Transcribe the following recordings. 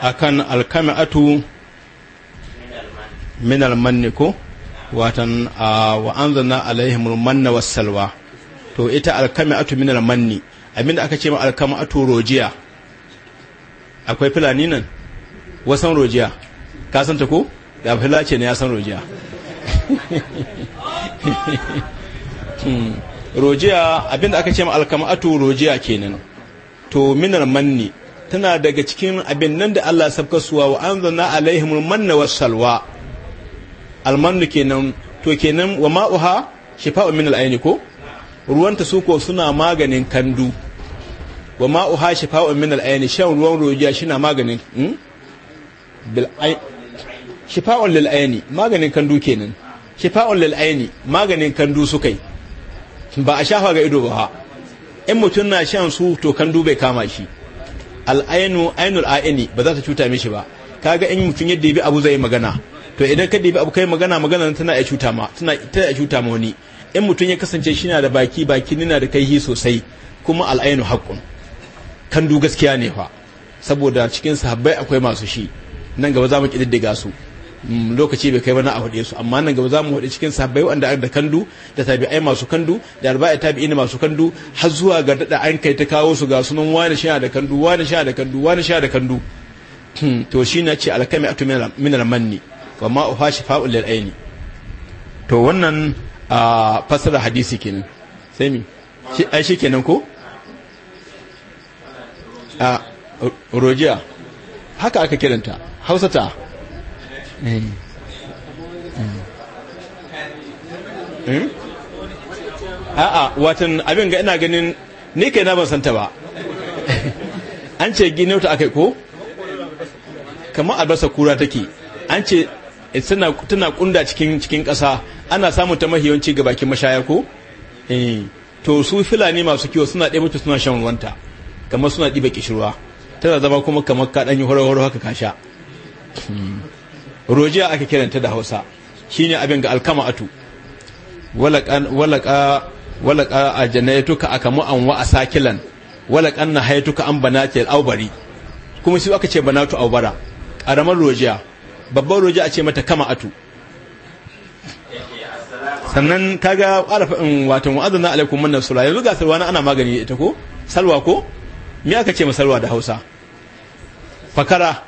akan alkami'atu min almanni ko watan wa anzalna alaihim almanna wassalwa to ita alkami'atu min almanni amin da aka ce ma alkami'atu rojiya akwai filani nan wasan rojiya ka san ta ko ga fila ce ne ya san rojiya hmm. rojiya abinda aka ce ma alkami'atu rojiya kenan to min almanni tana daga cikin abin nan da Allah sabka suwa wa anzalna alaihim manna salwa. almannu kenan to kenan wa ma'uha shifa'un min al'aini ko ruwanta su ko suna maganin kandu wa ma'uha shifa'un min al'aini shan ruwan rojiya maganin hmm? bil maganin shifa'un lil aini maganin kandu kenan shifa'un lil aini maganin kandu sukai ba a shafa ga ido ba in mutum na shan su to kandu bai kama shi al'ainu ainul aini ba za ta cuta mishi ba kaga in mutum yadda bi abu zai yi magana to idan ka dibi abu kai magana magana tana ya cuta ma tana tana cuta ma wani in mutum ya kasance shi na da baki baki na da kaihi sosai kuma al'ainu haqqun kan du gaskiya ne fa saboda cikin sahabbai akwai masu shi nan gaba za mu kididdiga su lokaci bai kai ba na a hude su amma nan gaba za mu hude cikin sahabbai wanda da kandu da tabi'ai masu kandu da tabi'i ne masu kandu har zuwa ga dada an kai ta kawo su ga sunan wani sha da kandu wani sha da kandu wani sha da kandu hmm, to shi na ce alkami atu min almanni wa ma uha fa'ul lil aini to wannan a fasara hadisi kenan sai mi shi ai kenan ko a rojiya haka aka kiranta hausata Eh. Eh? a'a watan abin ga ina ganin ni kai na ban santa ba an ce gini wata aka ko kamar albasa kura take an ce eh, tana kunda cikin cikin ƙasa ana samun ta mahiyanci ga bakin mashaya ko to su filani masu kiwo suna ɗaya mutu suna shan ruwanta kamar suna ɗiba kishirwa tana zama kuma kamar kaɗan ɗanyi horo-horo haka ka sha hmm. rojiya ake kiranta da hausa shine abin ga alkama'atu walaka walaka a janayatuka akamu an wa asakilan walakan na hayatuka an banatil aubari kuma shi aka ce banatu aubara karamar rojiya babbar rojiya a ce mata kama'atu sannan kaga in watan wa'adun na alaikum mannan sura yanzu ga salwa ana magani ita ko salwa ko me aka ce masalwa da hausa fakara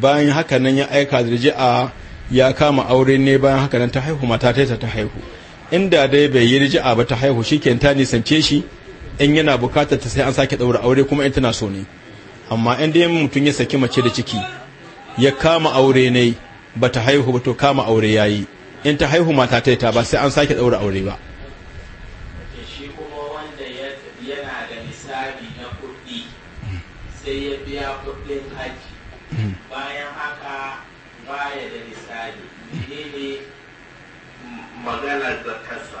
bayan haka nan ya aika riji'a ya kama aure ne bayan haka nan ta haihu mata ta ta haihu inda dai bai yi riji'a ba ta haihu shikenan ta nisance shi in yana bukatar ta sai an sake daura aure kuma in tana so ne amma in dai mutum ya saki mace da ciki ya kama aure ne ba ta haihu ba to kama aure yayi in ta haihu mata ta ta ba sai an sake daura aure ba sai ya biya kuɗin haji bayan haka baya da misali ne da kasa.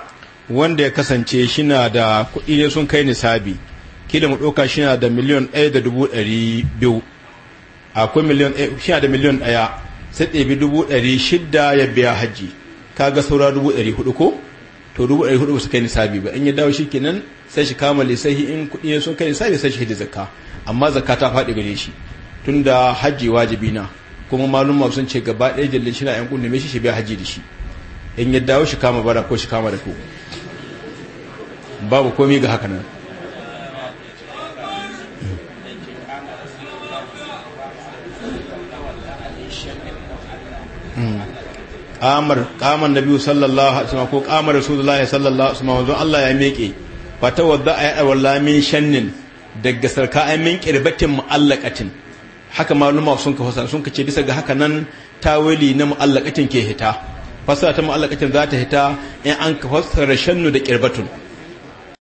wanda ya kasance shina da kuɗi ne sun kai nisabi kila mu ɗauka shina da miliyan ɗaya da dubu ɗari biyu akwai miliyan ɗaya shina da miliyan ɗaya sai ɗabi dubu ɗari shidda ya biya hajji ga saura dubu ɗari hudu ko to dubu ɗari hudu su kai nisabi ba in ya dawo shi kenan sai shi kama lissahi in kuɗi ne sun kai nisabi sai shi hidda zakka amma zakka ta faɗi gare shi tunda haji wajibi na kuma malum sun ce gaba ɗaya jalle shi na yan kunne me shi shi bai haji da shi in ya dawo shi kama bara ko shi kama da ku babu komi ga haka nan kamar hmm. kamar nabi sallallahu alaihi wasallam ko kamar rasulullahi sallallahu alaihi wasallam wanzu Allah ya meke fatawadda ayat wallahi min shannin daga sarka ay min kirbatin muallaqatin haka maluma sun ka fassara sun ka ce bisa ga haka nan tawili na mu'allaqatin ke hita fasara ta mu'allaqatin za ta hita in an ka fassara shannu da kirbatun